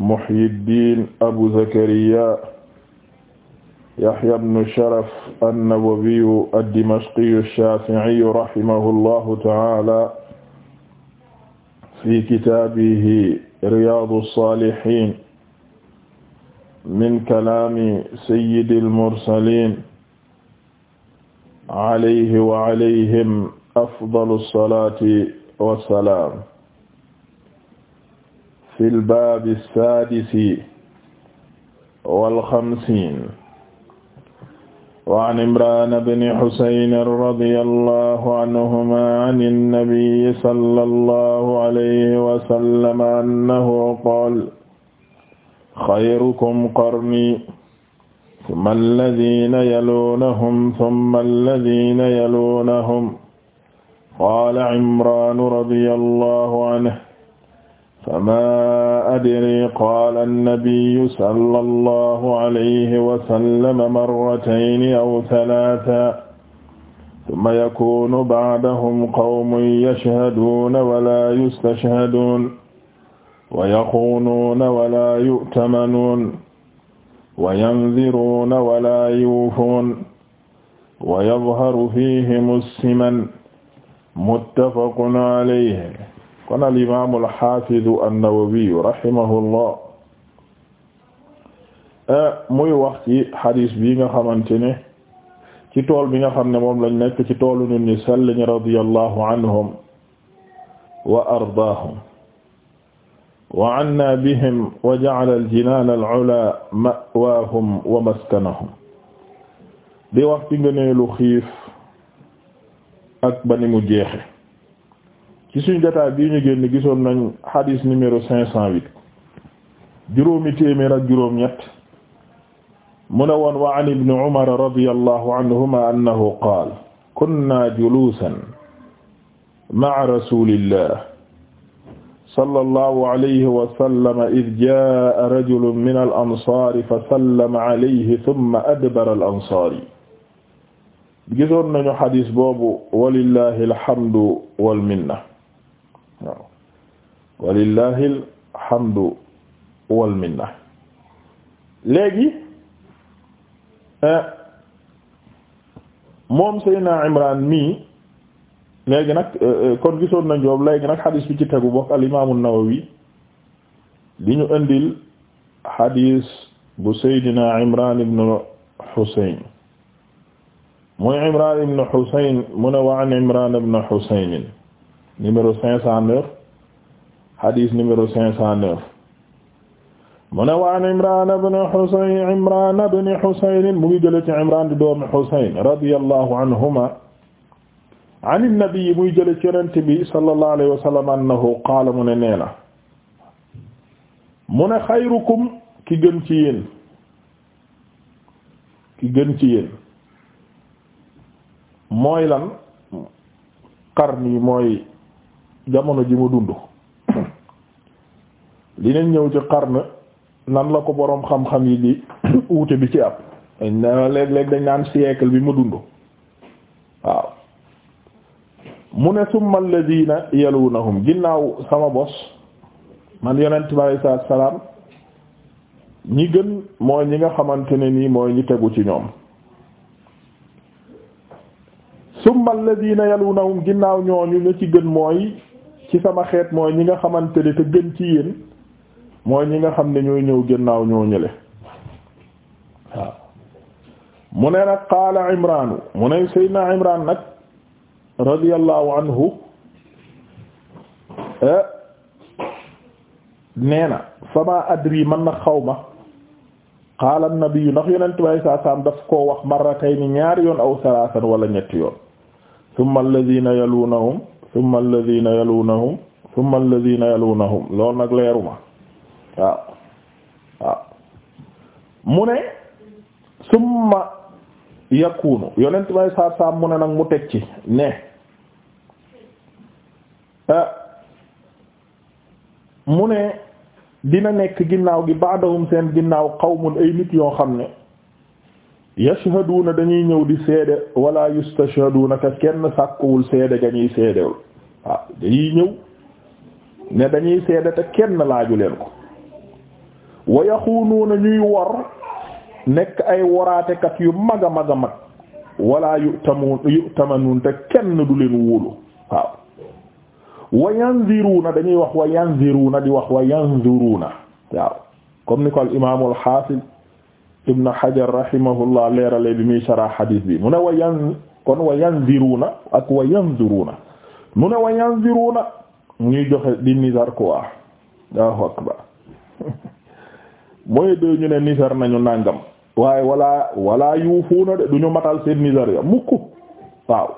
Muhyiddin Abu Zakariya Yahya ibn Sharaf an-Nawawiyu ad-Dimashqiyu ash-Shafi'iyu rahimahullahu ta'ala fi kitaabihi Riyaadu as-Saalihiin min kalaami sayyidil mursaliin alayhi wa alayhim afdalu as-salaati wa salaam fi lbab sadisi walxamsin waan imran bni husayn radi allahu anhuma an annabiyi sala allahu alayhi wasallam annahu qaal xayrukum qarni summa alladina yalunahum summa alladina yalunahum qaala imran radi allahu anhu fama adri qaala annabiyu sala allahu alayhi wasallama marratayni aw talaata summa yakunu bacdahum qawmun yachhaduuna wala yustachhaduun wa yaquunuuna wala yu'tamanuun wa yandiruuna wala yuufuun wa yadharu fiihim as-siman muttafaqun alayhi kon al imaam al xaafidu an-Nawawi rahimahullah eh, muy wax ci xadiis bi nga xamante ne ci tool bi nga xam ne moom lañ nekk ci toolu nit ñi sell ñi radiyallahu anhum wa ardaahum wa anna bihim wa ja'ala al-jinaan al-'ulaa ma'waahum wa maskanahum di wax ci ngëneelu xiif ak ba ni mu jeexe ci suñu jotaay bii ñu génn gisoon nañ hadith numéro cinq cent huit juróomi téeméer ak juróom ñett mu ne woon wa an ibni umar radiyallahu anhuma annahu qaal kunna juluusan ma'a rasulillah sallallahu alayhi wa sallam id jaa'a rajulun min al-ansaari fa sallama alayhi thumma adbara al-ansaari gisoon nañu hadith boobu walillahi alhamdu wal minna waaw alhamdu wal léegi eh, moom Seydina Imran mi léegi nag eh, eh, kon gisoon na joob léegi nag xadis bi ci tegu bokk al imaam an-Nawawi di ñu indil xadis bu Seydina Imran ibn Husayn muy Imran ibn Husayn mu ne wa an Imran ibn Husayn numéro cinq cent neuf hadith numéro cinq cent neuf mu ne waan Imraan ibn Husayn Imraan ibn Husayn mu ngi jële ci Imraan di doomi Husayn radiyallahu anhuma an nabi muy jële ci yonent bi sallallahu alayhi wa sallam annahu qaala mu ne nee na mu ne xayrukum ki gën ci yéen ki gën ci yéen mooy lan qarni mooy jamono ji mu dund li nañ ñëw ci xarn nan la ko boroom xam-xam yi di wuute bi ci ab dañ na léeg dañ naan siècle bi mu dund waaw mu ne summa alladina yalunahum ginnaaw sama bos man yonent bi alei salaam ñi gën mooy ñi nga xamante ne nii mooy ñi tegu ci ñoom la summa alladina yalunahum ginnaaw ñooñu ñi ci gën mooy ci sama xeet mooy ñi nga xamante ne te gën ci yéen mooy ñi nga xam ne ñooy ñëw gannaaw ñoo ñële waaw mu ne nag qaala imranu mu ne seydna imran nag radiallahu anhu eh, nee na fama adri man nag xaw ma qaala nabiyu ndax yonent bi alay saa salaam daf koo wax ni ñaari yoon aw salaasan wala ñetti yoon thumma alladhina yalunahum thumma alladhina yalunahum thumma alladhina yalunahum loolu nag leeruma waaw waaw mu ne summa yakunu yonent may saar saam mu ne nag mu teg ci ne eh, mu ne dina nekk ginnaaw gi baadahum seen ginnaaw xaw qawmun ay nit yoo xam ne yashhaduuna dañuy ñëw di seede wala yustashhaduuna ka kenn sàkkuwul seede ga ñuy seedewul waaw dañuy ñëw ne dañuy seede te kenn laaju leen ko wa yaxuunuuna ñuy wor nekk ay woraatekat yu mag a mag a mag wala yutamuun yutamanuun te kenn du leen wóolu waaw wa yanziruuna dañuy wax wa yanziruuna di wax wa yanzuruuna waaw ni ko al imaamul xaafid ibn Hajar rahimahullah leerale bi muy sara xadiis bi mu ne wa yan kon wa yanziruna ak wa yanzuruna mu ne wa yanziruna ñuy joxe di nisar quoi Allahu akbar mooy de ñu ne nisar nañu nàngam waaye wala wala yuufuuna de du ñu matal seen nisar ya mukk waaw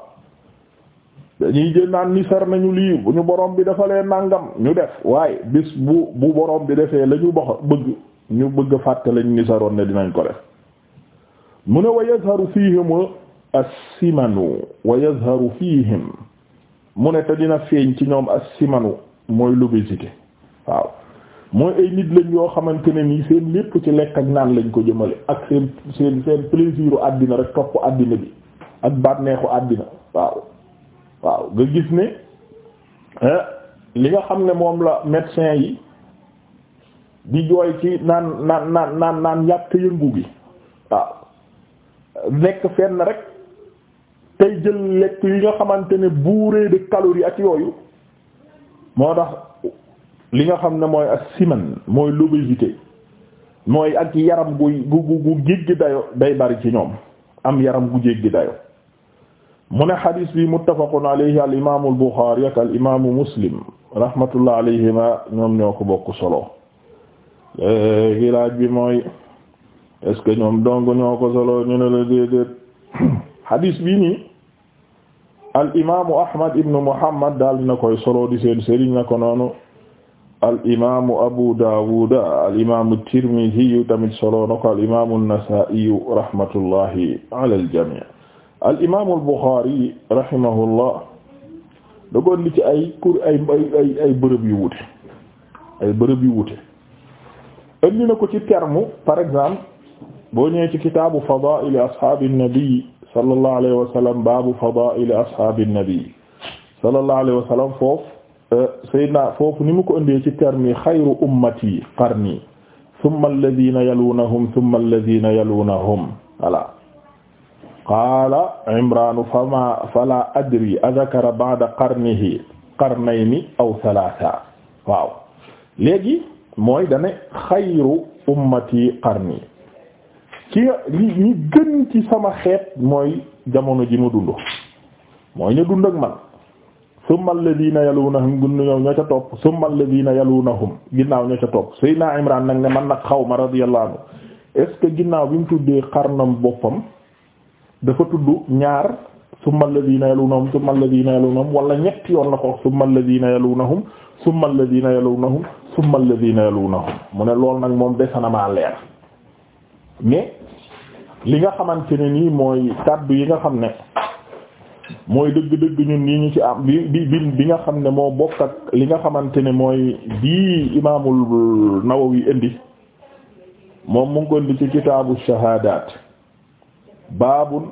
dañuy jël naan nisar nañu lii bu ñu borom bi dafa leen nàngam ñu def waaye bis bu borom bi defee la box bëgg ñu bëgg a fàttali ñu gisaroon ne dinañ ko def mu ne wa yazharu fihim as-simanu mu ne te dina feeñ ci ñoom as-simanu mooy l'obésité waaw mooy ay nit lañ yoo xamante ne nii seen lépp ci lekk ak naan lañ ko jëmale ak seen seen seen àddina rek topp àddina bi ak bànneexu àddina waaw waaw nga gis ne li nga xam ne moom la médecin yi di jooy ci naan naan naan naan naan ñàkk yëngu gi waaw ah. nekk fenn rek tey jël lekk yi nga xamante ne bourré de calories ak yooyu moo tax li nga xam ne mooy ak siman mooy l'obésité mooy ak yaram gu gu gu jéggi dayo day bari ci ñoom am yaram gu jéggi dayo mu ne xadis bi muttafaqun alayhi al imaamu al buxaari ak al imaamu muslim rahmatullah alayhima ñoom ñoo ko bokk solo léegi eh, laaj bi mooy est-ce que ñoom dong ñoo ko solo ñu ne la déedéet hadis bi nii al imaamu Ahmad ibn Muhammad daal dina koy solo di seen sëriñ na ko noonu al imaamu Abu Daawuda al imaamu Tirmidhi tamit solo na ko al imaamu Nasaa'i rahmatullahi ala al jamii al imaamu Bukhari rahimahullah dogoon li ci ay bërëb yu wute ay bërëb yu wute. indi na ko ci terme par exemple boo ñëwee ci kitaabu fadaa'il ashaabi nabi sallallahu alayhi wa sallam baabu fadaa'il ashaabi nabi sallallahu alayhi wa sallam foofu euh, Seydina foofu ni mu ko indee ci terme yi xayru ummati qarni thumma alladhina yalunahum thumma alladhina yalunahum voilà qaala Imraan fama fala adri adhakara ba'da qarnihi qarnayni aw thalatha waaw léegi mooy dane xayru ummati qarni ki li ñi gën ci sama xeet mooy jamono ji mu dund mooy ñu dund ak man summa alladina yalunahum gunnaw ñoo ca topp summa alladina yalunahum ginnaaw ñoo ca topp Seydina Imran nag ne man nag xaw ma radiyallahu anhu est-ce que ginnaaw bi mu tuddee xarnam boppam dafa tudd ñaar summa alladina yalunahum summa alladina yalunahum wala ñetti yoon la ko summa alladina yalunahum summa alladina yalunahum summa alladhina yalunahum mu ne loolu nag moom dese na maa leer mais li nga xamante ne nii mooy kàddu yi nga xam ne mooy dëgg-dëgg ñun yi ñu ci am bi bi bi nga xam ne moo bokk li nga xamante ne mooy bii imaamul Nawawi indi moom mu ko indi ci kitaabu shahaadaat baabun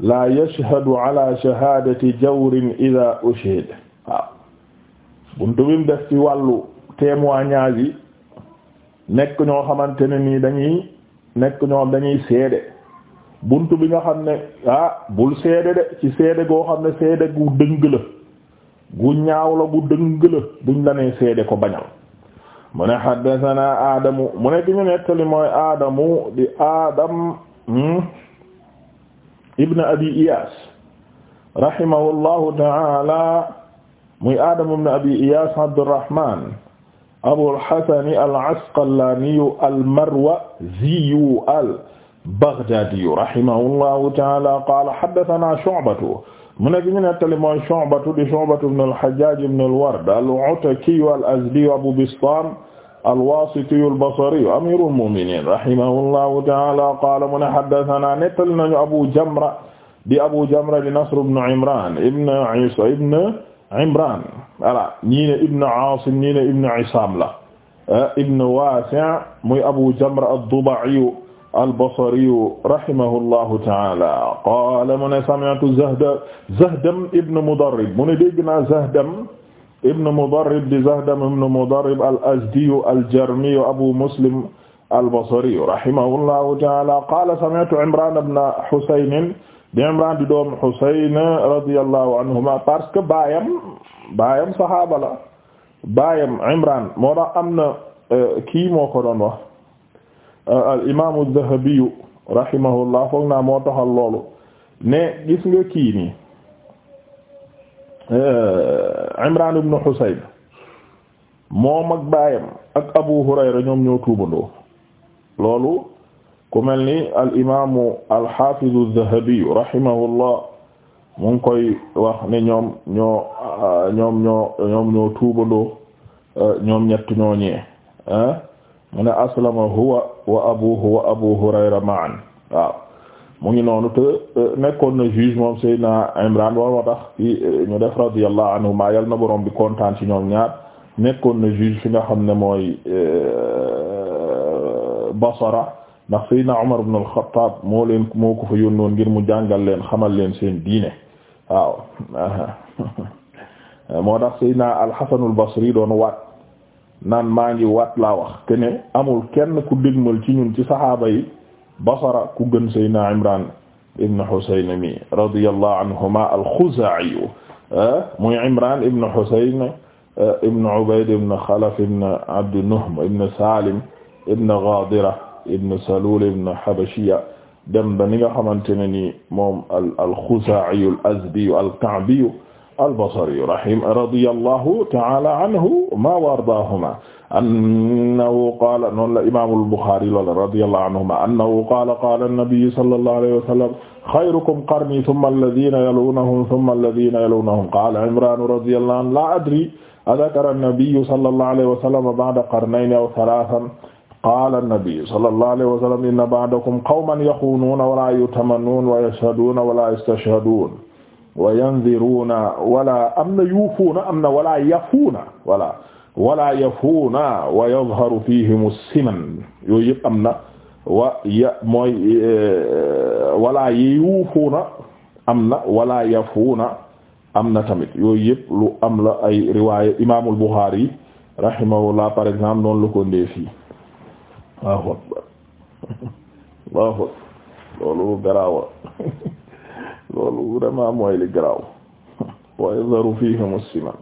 laa yashhadu ala shahaadati jawrin idaa ushhida buntu bi mu def ci wàllu témoignage yi nekk ñoo xamante ne nii dañuy nekk ñoom dañuy seede bunt bi nga xam ne ah bul seede de ci seede goo xam ne seede gu dëng la gu ñaaw la gu dëng la duñ la nee seede ko bañal mu ne haddathana aadamu mu ne ki ñu nettali mooy aadamu di aadam hmm, ibn abi iyas rahimahullahu taala muy aadamu ibn abi iyas abdurrahman Abul Hasan al-Asqalaani al-Marwazi al-Baghdaadi rahimahullahu ta'aala qaala haddathanaa Shu'batu mu nekk ñu nettali mooy Shu'batu di Shu'batu ibn al-Hajjaaj ibn al-Ward al-Ataki al-Azdi Abu Bistam al-Waasiti al-Basri amiirul mu'miniin rahimahullahu ta'aala qaala mu ne haddathanaa nettali nañu Abu Jamra di Abu Jamra di Nasr ibn Imraan ibn Iisaa ibn Imran voilà ñii ne Ibn Aasim ñii ne Ibn Isaam la ah, Ibn Waasi' muy Abu Jamra ad-Duba'i al-Basri rahimahullahu ta'ala qaala mu ne sami'tu Zahda Zahdam Ibn Mudarrib mu ne dégg naa Zahdam Ibn Mudarrib di Zahdam Ibn Mudarrib al-Azdi al-Jarmi Abu Muslim al-Basri rahimahullahu ta'ala qaala sami'tu Imran ibn Husayn di Imraan di doomu Husayn radiyallahu anhuma parce que baayam baayam saxaaba la baayam Imraan moo tax am na euh, kii moo ko doon wax euh, al imaamu Dhahabi rahimahullah foog naa moo taxal loolu ne gis nga kii nii euh, Imraan ibn Husayn moom ak baayam ak Abu Hurayra ñoom ñoo tuubandoo loolu ku mel ni al imaamu al xaafizu Zahabi mu ngi koy wax ne ñoom ñoo ah, ñoom ñoo ñoom ñoo tuubandoo eh, ñoom ñett ñooñee eh? mu ne huwa wa abuhu wa abu Hurayra ma'an waaw ngi noonu te eh, nekkoon na juge moom Seydina Imran moo tax fi ñu def radiyallahu anhuma yal na borom bi kontaan ci ñoom ñaar nekkoon na juge fi nga xam ne mooy Basra ndax Seydina Umar ibn al-Khattab moo leen moo ko fa yónnoon ngir mu jàngal leen xamal leen seen diine waaw moo tax Seydina al-Hasan al-Basri doon waat naan maa ngi waat laa wax ke ne amul kenn ku dégmal ci ñun ci saxaaba yi Basra ku gën Seydina Imran ibn Husayn mi radiyallahu anhuma al-Khuzaa'i muy Imran ibn Husayn ibn Ubayd ibn Khalaf ibn Abd Nuhm ibn Salim ibn Ghadira ibn Salul ibn Habashiya dem ba ni nga xamante ne ni moom al al-Khuzaa'i al-Azdi al-Ka'bi al-Basri rahim radiyallahu ta'ala anhuma wa ardaahuma annahu qaala noonu la imaamul Buxaari loola radiyallahu anhuma annahu qaala qaala an-nabiyyu sallallahu alayhi wa sallam xayrukum qarnii thumma alladhiina yalunahum thumma alladhiina yalunahum qaala Imraan radiyallahu anhu laa adrii adhakara an-nabiyyu sallallahu alayhi wa sallam ba'da qarnayni aw thalaasan qaala annabi sallallahu alayhi wa sallam inna ba'dakum qawman yaxuunuuna wala yutamannuuna wa yashhaduuna wala yastashhaduuna wa yanziruuna wala am na yuufuuna am na wala yafuuna wala wala yafuuna wa yadharu fiihimu siman yooyu yëpp am na wa ya mooy eh, wala yuufuuna am na wala yafuuna am na tamit yooyu yëpp lu am la ay riwaaya imaamul Buxaari rahimahullah par exemple noonu la ko ndeefi Allahu akbar Allahu akbar loolu garaawa loolu vraiment mooy li garaaw wa yadharu fihim musliman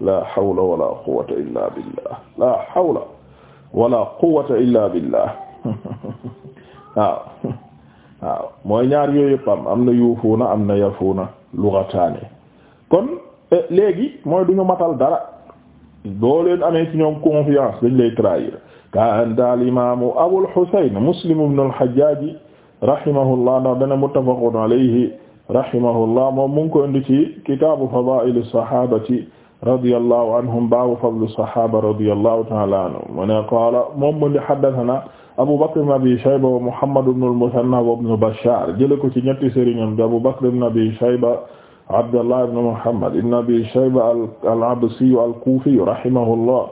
la hawla wala quwwata illa billah la hawla wala quwwata illa billah waaw waaw mooy ñaar yooyu yëpp am na yuufuuna am na yafuuna lughataani kon eh, léegi mooy duñu matal dara doo leen amee ci ñoom confiance dañ lay trahir kanta al imamu abul husayn muslim ibn al hajjaj rahimahullah ndax dana muttafaqun alayhi rahimahullah moom mu ngi ko indi ci kitaabu fadaa'il sahabati radiyallahu anhum baabu fadli sahaba radiyallahu ta'ala anhum mu ne qaala moom mu di haddathana Abu Bakr ibn Abi Shayba wa Muhammad ibn al-Muthanna wa Ibn Bashar jële ko ci ñetti sëriñam di Abu Bakr ibn Abi Shayba Abdullah ibn Muhammad ibn Abi Shayba al-Absi al-Kufi rahimahullah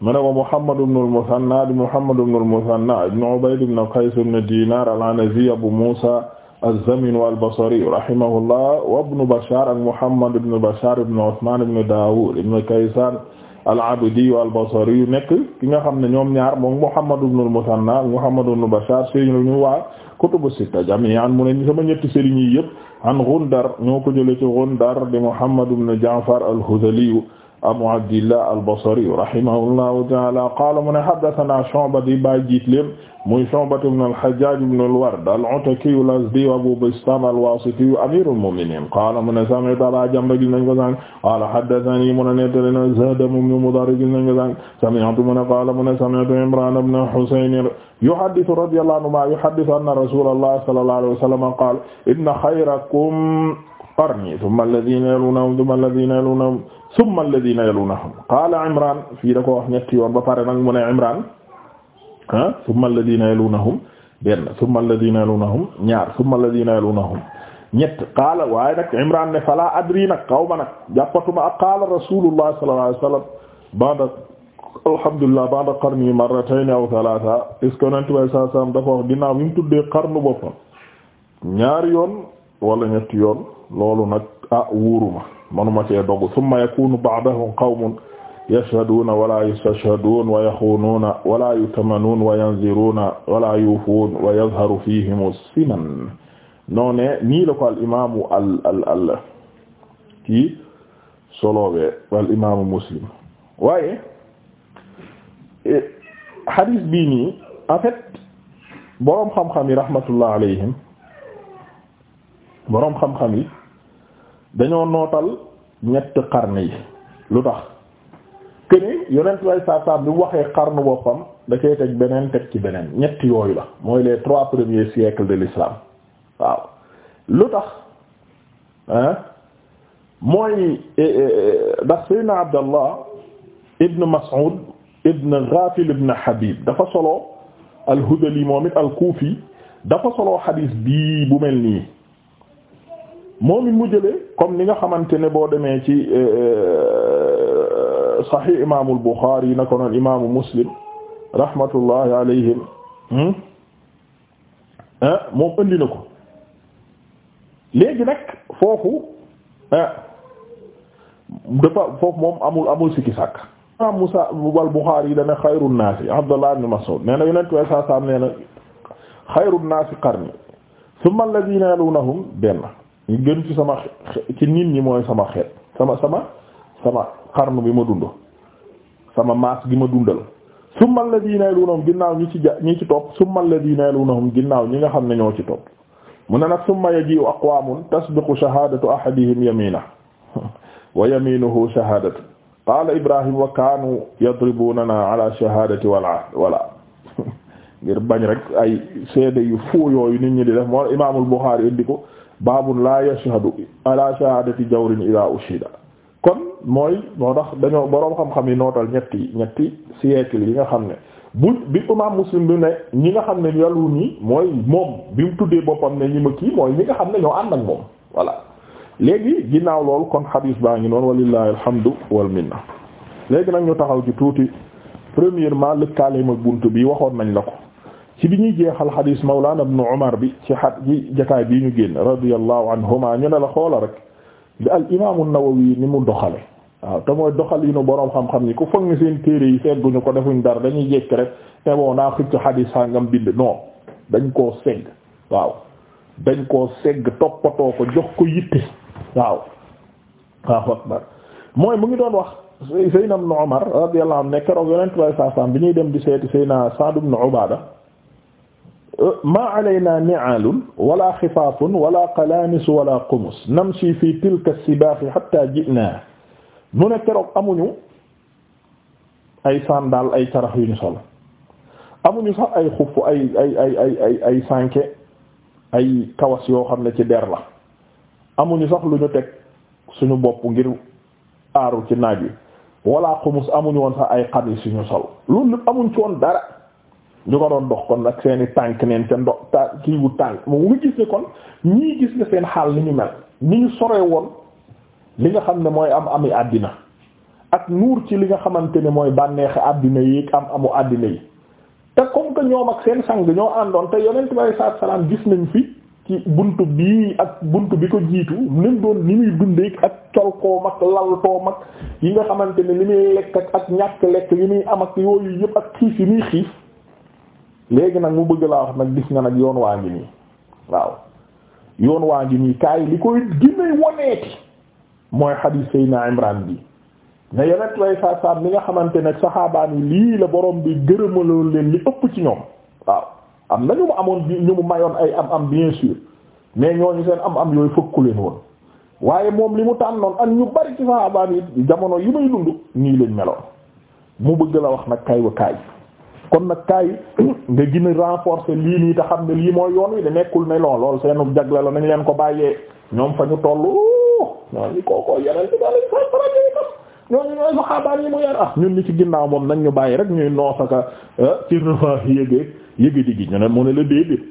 mu ne ko Muhammad ibn al-Muthanna di Muhammad ibn al-Muthanna ibn Ubayd ibn Qays ibn Dinar al-Anazi Abu Musa az-Zamini al-Basri rahimahullah wa ibn Bashar ak Muhammad ibn Bashar ibn Uthman ibn Dawud ibn Kaysan al-Abdi al-Basri yu nekk ki nga xam ne ñoom ñaar moom Muhammad ibn al-Muthanna Muhammad ibn Bashar sëriñu waa kutubu sitta jami'an mu ne sama ñetti sëriñ yi yëpp an Ghundar ñoo ko jëlee ci Ghundar di Muhammad ibn Ja'far al-Hudhali Abu Abdillah al-Basri rahimahullahu ta'ala qaala mu ne haddathana Shu'ba di bàyyi jiit leen muy Shu'ba ibn al-Hajjaj ibn al-Ward al-Ataki al-Azdi Abu Bistam al-Wasiti amir al-mu'minin qaala mu ne sami'tu Aba Jamra gis nañ ko sànq qaala haddathani mu ne nettali na Zayd ibn Mudarr gis nañ ko sànq sami'tu mu ne qaala mu ne sami'tu Imran ibn Husayn yuhaddithu radiyallahu anhu yuhaddithu anna Rasulullah sallallahu alayhi wa sallam qaala inna khayrakum qarni thumma alladhina yalunahum thumma alladhina yalunahum summa alladhina yalunahum qaala imran fii da ko wax ñetti yoon ba pare nag mu ne imran ah summa alladhina yalunahum benn summa alladhina yalunahum ñaar summa alladhina yalunahum ñett qaala waaye nag imran ne fala adri nag xaw ma nag jàppatuma ak qaala rasulullah sallallahu alayhi wasallam ba'da alhamdulillah ba'da qarni marratayn aw thalatha est-ce que yonent way saa salam dafa wax ginnaaw bi mu tuddee qarnu boppam ñaari yoon wala ñetti yoon loolu nag ah wuuruma manuma cee dogu thumma yakunu ba'dahum qawmun yashhaduuna wala yustashhaduun wa yaxuunuuna wala yutamanuun wa yanziruuna wala yuufuun wa yazharu fiihim siman noone nii la ko al imaamu al al al kii solowee al imaamu muslim waaye eh, hadis bii nii en fait boroom xam-xam yi rahmatullah alayhim boroom xam-xam yi dañoo nootal ñett xarn yi lu tax këni yonent way saab-saab bi waxee xarnu boppam da koy teg beneen teg ci beneen ñetti yooyu la mooy les trois premiers siècles de l'islam waaw lu tax hein mooy eh, eh, ndax Seydina Abdallah ibn Mas'ud ibn Ghafil ibn Habib dafa solo al-Hudali moom al-Kufi dafa solo xadiis bii bu mel nii moom it mu jëlee comme ni nga xamante ne boo demee ci euh, euh, sahih imaamul Buxaari yi na ko noon imaamu Muslim rahmatullahi alayhim hmm? eh, moom andi na ko léegi nag foofu eh, dafa foofu moom amul amul sikki sàkk imaam Musa wal Buxaari yi dane xayru naasi Abdullah ibn Mas'ud nee na yonent way saa saam nee na xayru naasi qarni thumma alladhina yalunahum benn ñu gën ci sama ci nit ñi mooy sama xeet sama sama sama xarnu bi ma dund sama maas gi ma dundal summa alladhina yalunhum ginnaaw ñi ci ja ñi ci topp summa alladhina yalunhum ginnaaw ñi nga xam ne ñoo ci topp mu ne nag summa yaji'u aqwamun tasbiqu shahadatu ahadihim yamina wa yaminuhu shahadatu qala ibrahim wa kanu yadribunana ala shahadati wala wala rek ay seede yu foo yooyu nit ñi di def moo imamul Bukhari indi ko baabun laa yashhadu ala shahadati jawrin ila ushida kon mooy moo tax dañoo boroom xam-xam yi nootal ñetti ñetti siècle yi nga xam ne bu bi imam muslim bi ne ñi nga xam ne yàllu nii mooy moom bi mu tuddee boppam ne ñi ma kii mooy ñi nga xam ne ñoo ànd ak moom voilà léegi ginnaaw lool kon xadiis baa ngi noonu walillahi alhamdu wal minna léegi nag ñu taxaw ci tuuti premièrement lëkkaale ma bunt bi waxoon nañ la ko ci bi ñuy jeexal xadiis Mawlana ibn Umar bi ci xat ci jataay ñu génn radiyallahu anhuma ñu ne la xoola rek bi al imaamu Nawawi ni mu doxale waaw te mooy doxal yi nu boroom xam-xam ni ku foog ni seen téere yi segguñu ko defuñu dara dañuy jekk rek te bon naa xëcc xadiis sàngam bind non dañ koo segg waaw dañ koo segg toppatoo ko jox ko yitte waaw mooy mu ngi doon wax Seydina ibn Umar radiyallahu anhu ne keroog yonent bi sallallahu alayhi bi ñuy dem di seeti Seydina Sa'd ibn Ubaada ma alayna ni'aalun wala xifaafun wala qalamis wala qumus namshi fi tilka sibaahi hatta ji'na mu ne keroog amuñu ay sandal ay carax yu ñu sol amuñu sax ay xuff ay ay ay ay ay ay sànke ay kawas yoo xam ne ci der la amuñu sax lu ñu teg suñu bopp ngir aaru ci naaj wi wala xumus amuñu woon sax ay xamis yu ñu sol loolu amuñ ci woon dara ñu ko doon dox kon ak seeni tànk neen seen dox ta kii bu tànk moom nga gis ne kon ñii gis ne seen xaal ni ñu mel ni ñu soree woon li nga xam ne mooy am ami àddina ak nuur ci li nga xamante ne mooy bànneex àddina yi am amu àddina yi te comme que ñoom ak ñoo àndoon te yonent bi alayhi gis nañ fi ci bunt bii ak bunt bi ko jiitu nañ doon ni muy dundeek ak colkoom ak laltoom ak yi nga xamante ne li muy lekk ak ñàkk lekk yi muy am ak yooyu yëpp ak xiif yi muy xiif léegi nag mu bëgg laa wax nag gis nga nag yoon waa ngi nii waaw yoon waa ngi nii kaay li koy ginay woneeti mooy xadiis Seydina Imran bi ne yonent way saa saa li nga xamante ne saxaabaan yi lii la borom bi gërëmaloon leen li ëpp ci ñoom waaw am na ñu mu amoon bi ñu mu mayoon ay am am bien sûr mais ñooñu seen am am yooyu fëkku leen woon waaye moom li mu tànnoon ak ñu bari ci saxaabaan yi jamono yi may dund nii leen meloon mu bëgg la wax nag kay kon nag kay nga gën a lii nii te xam ne lii mooy yoon wi da nekkul ne lool lool seenu jagle la nañ leen ko bàyyee ñoom fa ñu tollu ñooñu kookoo yeneen ci fa faral yi mu yar ah ñun ñi ci ginnaaw moom nañ ñu bàyyi rek ñuy noosaka ah, ci refa yége yége di gi ñu ne mu ne la déedéet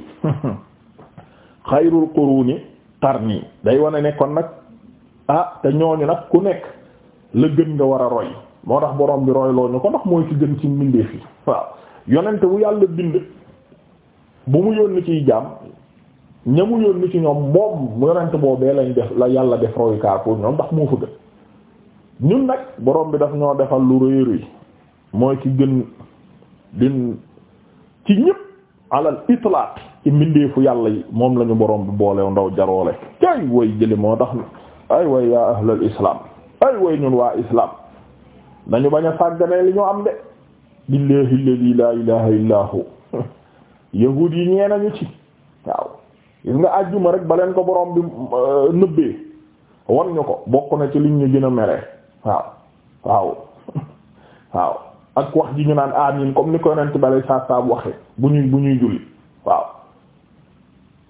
xayrul quruni qarni day wane ne kon nag ah te ñooñu nag ku nekk la gën nga war a roy moo tax borom bi royloo ñu ko ndax mooy ci gën ci mbindeef yi waaw yonente wu yàlla bind bu mu yónni ciy jaam ña mu yónni ci ñoom moom yonente boobee lañ def la yàlla def royukaay pour ñoom ndax moo fëgg ñun nag borom bi daf ñoo defal lu rëy rëy mooy ki gën din ci ñëpp alal itlaaq ci mbindeefu yàlla yi moom lañu borom bi boolew ndaw jaroole kay way jëli moo tax ay way yaa ahlal islam ay way ñun waa islam nañu bañ a sàggane li ñu am de billahi alladhi la ilaha yi ñee nañu ci waaw gis nga àjjuma rek ba leen ko borom bi euh, nëbbee wan ñu ko bokk na ci liñ ñu gën a mere waaw waaw ak wax ji ñu naan amin comme ni ko yonent bale saa saa waxee bu ñuy bu ñuy julli waaw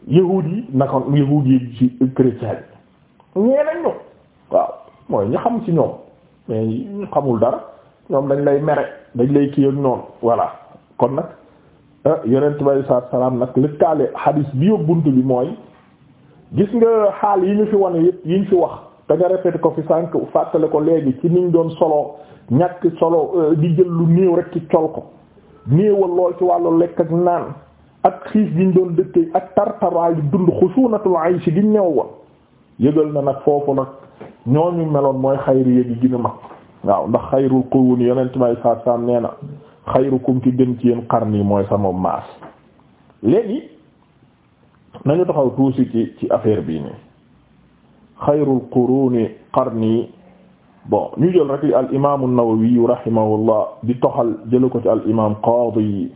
yahuud yi naka yahuud yi ci chrétien yi ñee nañ waaw mooy ñu xam ci ñoom mais ñu xamul dara ñoom dañ lay mere dañ lay kii ak noonu voilà kon nag ah, yonent bi alei salaatu salaam nag lëkkaale xadiis bi yób bunt bi mooy gis nga xaal yi ñu fi wone yëpp yi ñu fi wax da nga répété ko fi sànq fàttale ko léegi ci niñ doon solo ñàkk solo euh, di jël lu néew rek ci col ko néewal lool ci wàllu lekk ak naan ak xiis giñ doon dëkkee ak tartaraayu dund xusunatul aysi giñ new woon yëgal na nag foofu nag ñoo ñu meloon mooy xayri yi gi gën waaw ndax xayrul qurun yonent may saa saam nee na xayrukum ki gën ci yéen qarni mooy sama maas léegi nañu taxaw tuusi ci ci affaire bii nii xayrul quruni qarni bon ñu jël rek li al imaamu Nawawi rahimahullah di toxal jëla ko ci al imaam qaadi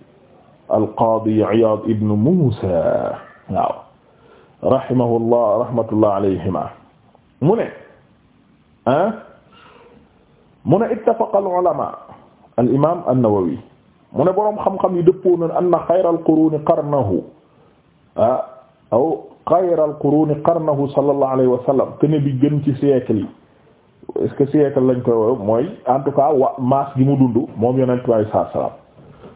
al qaadi Iyaad ibn Muusa waaw rahimahullah rahmatullah alayhima mu ne ah mu ne ittafaqa al ulama al imam an-Nawawi mu ne boroom xam-xam yi dëppoo na anna xayra al quruni qarnahu ah aw xayra al quruni qarnahu sallallahu alayhi wa sallam kene bi gën ci siècle ce que siècle lañ ko woowe mooy en maas gi mu dund moom yonent bi alayhi salaam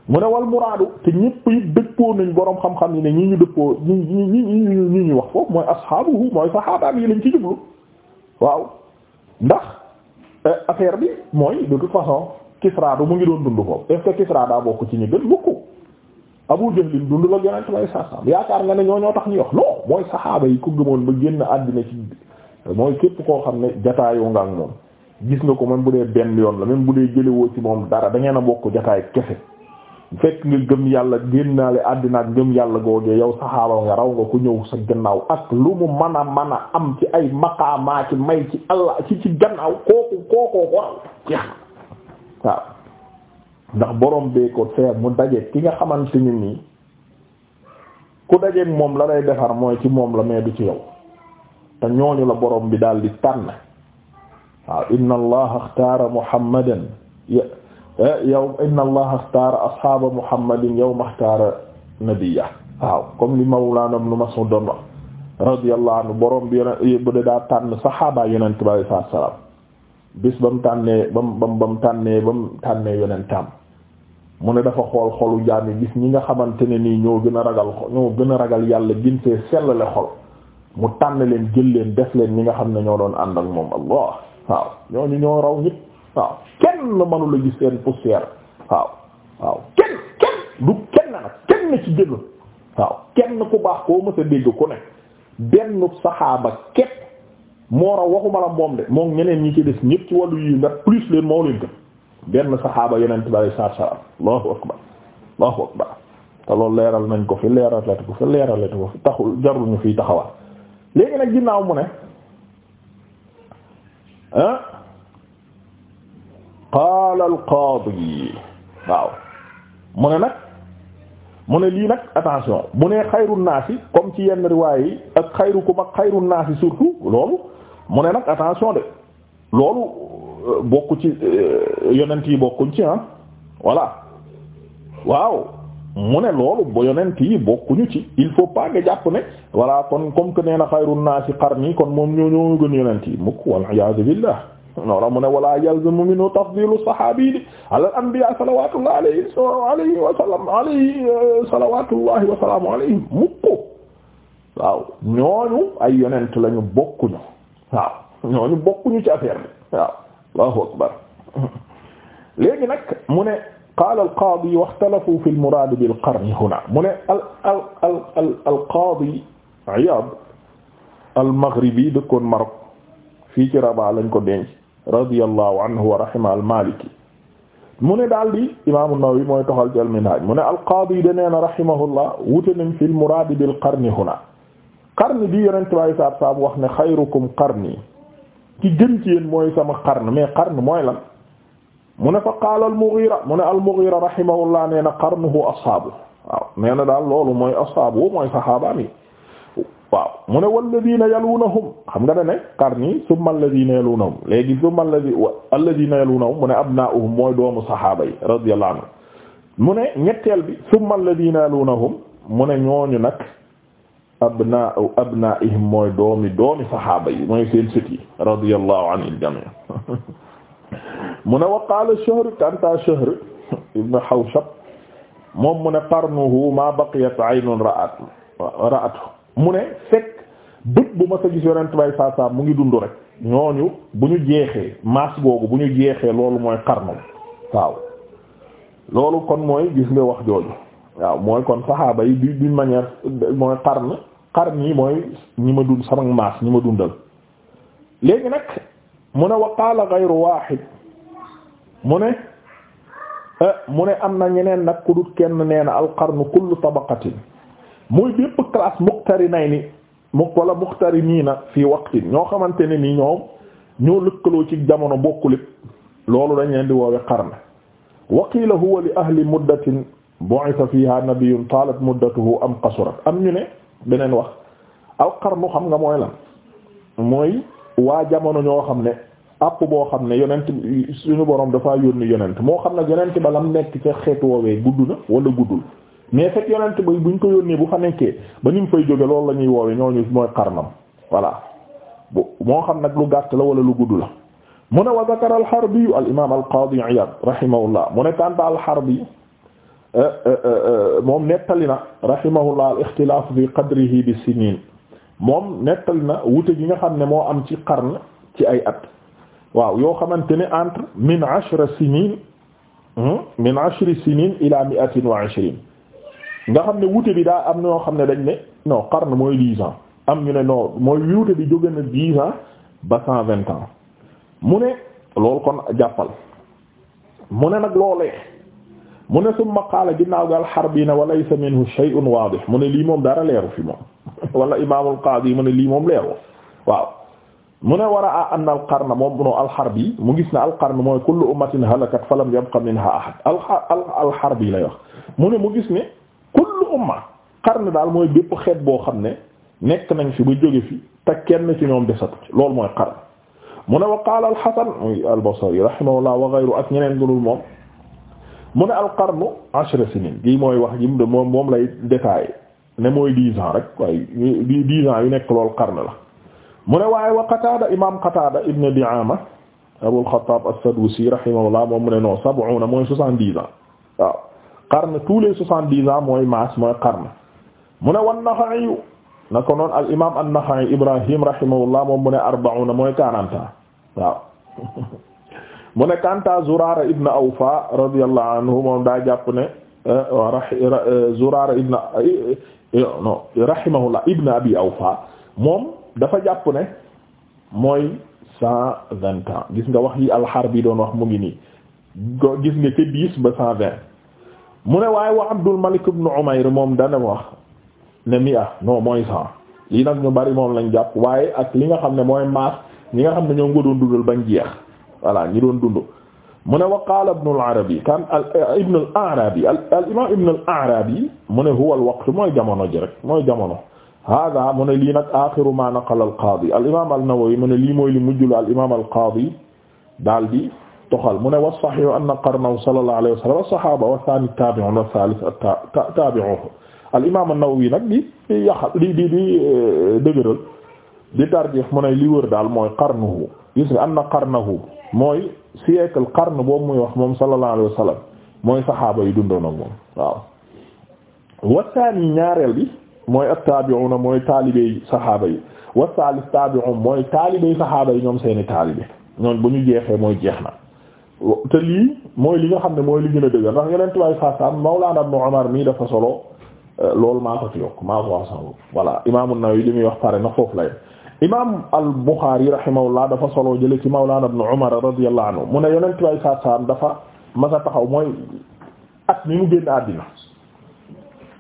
mu ne wal muraadu te ñëpp dëppoo nañ boroom xam-xam yi ne ñi ñu dëppoo ñi ñi ñi ñi ñu wax foofu mooy ashaabuhu mooy saxaabaam yi lañ ci jublu waaw ndax Euh, affaire bi mooy de toute façon Kisra mu ngi doon dund ko est que Kisra bokk ci ñu gën bokku Abu Jahl dund la Yonent bi sallallahu alayhi wasallam yaakaar nga ne ñoo ñoo tax ñu wax non mooy saxaaba yi ko gëmoon ba génn àddina ci mooy képp koo xam ne jataayoo nga ak moom gis nga ko même bu dee benn yoon la même bu dee jëlewoo ci moom dara da ngeen a bokk jataay kese fekk nga gëm yàlla génnaale àddina ak gëm yàlla googee yow saxaaba nga raw nga ku ñëw sa gannaaw ak lu mu mën a mën a am ci ay maqaamaa ci may ci allah ci ci gannaaw kooku kookoo koraw jeex waaw ndax borom bee ko feer mu daje ki nga xamante ni nii ku dajeeg moom la lay defar mooy ci moom la mais du ci yaw te ñooñu la borom bi daal di tànn waaw inna allaha axtaara muhammadan Eh, yow inna allaha axtaara ashaaba muhammadin yawma axtaara nabiyya waaw comme li mawlaana ibn Mas'ud doon wax radiyallahu anhu boroom bi yonent bu dee daa tànn saxaaba yonent bi alayhi salaatu wa salaam bis ba mu tànnee ba mu ba mu tànnee ba mu tànnee yonentam mu ne dafa xool xolu jaam yi gis ñi nga xamante ne nii ñoo gën a ragal ñoo gën a ragal yàlla gin fee sellale xol mu tànn leen jël leen def leen ñi nga xam ne ñoo doon ànd ak moom allah waaw ñooñu ñoo raw ñépp waaw kenn mënu la gis seen poussière waaw waaw kenn kenn du kenn nag kenn ci génn waaw kenn ku baax koo mës a dégg ku ne benn saxaaba képp moo raw waxuma la moom de moom ñeneen ñi ci des ñëpp ci wàllu yi ndax plus leen moo leen gën benn saxaaba yonent bi sallallahu alayhi wasallam Allahu akbar Allahu akbar te loolu leeral nañ ko fi leeralati ko fi leeralati ko fi taxul jarul ñu fiy taxawaat léegi nag ginnaaw mu ne ah. qaala al qaadi waaw mu ne nag mu ne lii nag attention mu ne xayru naasi comme ci yenn riwaay yi ak xayrukum ak xayru naasi surtout loolu mu ne nag attention de loolu euh, bokk ci euh, yonent yi bokkuñ ci ah wala waaw mu ne loolu ba yonent yi bokkuñu ci il faut pas nga jàpp ne voilà kon comme que nee na xayru naasi qarni kon moom ñoo ñoo gën yonent yi mukk wal iyaadu billah noora mu ne wala yalzamu minhu tafdilu sahabi ala anbiya salawatullahi alayhi alayhi wa sallam alayhi euh, salawatullahi wa mukku waaw ay yonent lañu bokkuñu waaw ñooñu bokkuñu ci affaire bi waaw akbar léegi nag mu ne qaala alqaadi waxtalafu fi almuraad bil qarni huna mu ne al al al alqaadi Iyaad almaghribi dëkkoon Maroc fii ci Rabat lañ ko denc radiyallahu anhu wa rahima al-Maliki mu ne daal di imaamu Nawawi mooy toxal ci al-Minhaj mu ne al-Qaadi da nee na rahimahullah wute nañ fi al-muraad bil qarni huna qarni bi yonent way saab saab wax ne xayrukum qarni ki gën ci yéen mooy sama qarn mais qarn mooy lan mu ne fa qaala al-Mughira mu ne al-Mughira rahimahullah nee na qarnuhu ashaabu waaw nee na daal loolu mooy ashaabu mooy saxaabaam yi waaw mu ne walladina yalunahum xam nga da ne qarni summa alladina yalunahum léegi summa alladi alladina yalunahum mu ne abnaa'uhum mooy doomu saxaaba yi radiyallahu anhu mu ne ñetteel bi summa alladina yalunahum mu ne ñooñu nag abnaa'u abnaa'ihim mooy doomi doomi saxaaba yi mooy seen sët yi radiyallahu anil jami' mu ne wa qaala Shahr kanta Shahr ibn Hawshab moom mu ne qarnuhu ma baqiyat aynun ra'at ra'atu mu ne fekk bët bu ma sa gis yonent bay saa saa mu ngi dund rek ñooñu bu ñu jeexee mas googu bu ñu jeexee loolu mooy xarnu waaw loolu kon mooy gis nga wax jooju waaw mooy kon saxaaba yi du d'une manière mooy xarn xarn yi mooy ñi ma dund sama maas ñi ma dundal léegi nag mu ne wa qaala ghayru mu ne eh, mu ne am na ñeneen nag ku dul kenn nee na al qarnu kullu tabaqatin mooy bépp classe muqtarinayni mu wala muqtariniina fii waqtin ñoo xamante ne ni ñoom ñoo lëkkaloo ci jamono bokkul loolu dañ leen di woowe qarn wa qiila huwa li ahli muddatin bu'itha fiha nabiyyun taalat muddatuhu am qasurat am ñu ne beneen wax alqarnu xam nga mooy lan mooy waa jamono ñoo xam ne àpp boo xam ne yonent suñu borom dafaa yónni yonent moo xam ne yonent ba lam nekk ca xeet woowee gudd na wala guddul mais fekk yonent ba buñ ko yónnee bu fa nekkee ba ni mu fay jóge loolu la ñuy woowe ñooñu mooy xarnam voilà bu moo xam nag lu gàtt la wala lu gudd la mu ne wa zakara alxarbiyu al imam al qadi iyad rahimahullah mu ne tànta alxarbi eh, eh, eh, moom nettali na rahimahullah al ixtilaaf fi qadrihi bi sinin moom nettali na wute gi nga xam ne moo am ci qarn ci ay at waaw yoo xamante ne entre min ashra sinin hmm, min ashri sinin ila mi'atin wa ishrin nga xam ne wute bi daa am ñoo xam ne dañ ne non qarn mooy dix ans am ñu ne non mooy wute bi jóge na dix ba cent vingt ans mu ne loolu kon jàppal mu ne nag loolee mu ne summa qaala ginnaaw gaal xarbi na wa laysa minhu shay'un waadih mu ne lii moom dara leeru fi moom wala imaamul qaadi mu ne lii moom leeru waaw mu ne war a anna alqarna moom no alxarbi mu gis na alqarn mooy kullu ummatin halakat falam yabqa minha ahad alxarbi lay wax mu ne mu gis ne kullu umma xarni daal mooy bépp xeet boo xam ne nekk nañ fi ba jóge fi te kenn ci ñoom desatu ci loolu mooy xarn mu ne wa qaala alxasan albasri rahimahullah wa ghayru ak ñeneen gunul moom mu ne alqarnu ashra sinin gii mooy wax ji de moom moom lay détaillé ne mooy dix ans rek waaye dix an yu nekk loolu qarn la mu ne waaye wa qataada imam qataada ibn di'ama abul xattaab as-sadusi rahimahullah moom mu ne non sab'una mooy soixante-dix ans waaw qarn tous les soixante-dix ans mooy maas mooy qarn mu ne wan Naxa'i na ko noon al imaam an Ibrahim rahimahullah moom mu ne mooy quarante ans waaw mu ne kanta Zurara ibn Awfa rahimahullah ibn Abi Awfa moom dafa jàpp ne mooy cent vingt ans gis nga wax yi al-Harbi doon wax mu ngi nii gis nga ca ba cent vingt mu ne waaye wa Abdul Malik ibn Umayr moom dana wax ne mi ah mooy cent lii nag ñu bari moom lañ jàpp waaye ak li nga xam ne mooy maas ñi nga xam ne ñoo ngi doon dundal bañ jeex voilà ñi doon dund mu ne wa qaala ibn al-Arabi kan eh, ibn al mu ne huwa al-waqt mooy jamono ji rek mooy jamono hada mu ne lii nag axiru ma naqala al-Qaadi al imam an-Nawawi mu ne lii mooy li mujjul al imam al-Qaadi daal bi toxal mu ne wa sahihu anna qarnahu sallallahu alayhi wa sallam as-sahaba wa thani tabi'un wa thalith tabi'uhu al-imam an-Nawawi nag di yàqal di di di eh, dëgëral di tarjih mu ne li wër daal mooy qarnuhu gis nga anna qarnahu mooy siècle qarn boobu muy wax moom sallallahu alayhi wa sallam mooy saxaaba yi dundoon ak moom waaw wa thani ñaareel bi mooy at-tabi'una mooy taalibey saxaaba yi wa thalith tabi'un mooy taalibey saxaaba yi ñoom seeni taalibe ñoon bu ñu jeexee mooy jeex na te lii mooy li nga xam ne mooy li gën a dëgg ndax yeneen tubaab saa saa Mawlaana Ibn Umar mii dafa solo euh, loolu maa ko ci yokk maa ko wax sax voilà Imaam An-Nawawi li muy wax pare na foofu lay Imaam Al-Bukhari laa dafa solo jële ci Mawlaana Ibn Umar radiyallahu anhu mu ne yeneen tubaab saa saa dafa mas a taxaw mooy at mi mu génn àddina.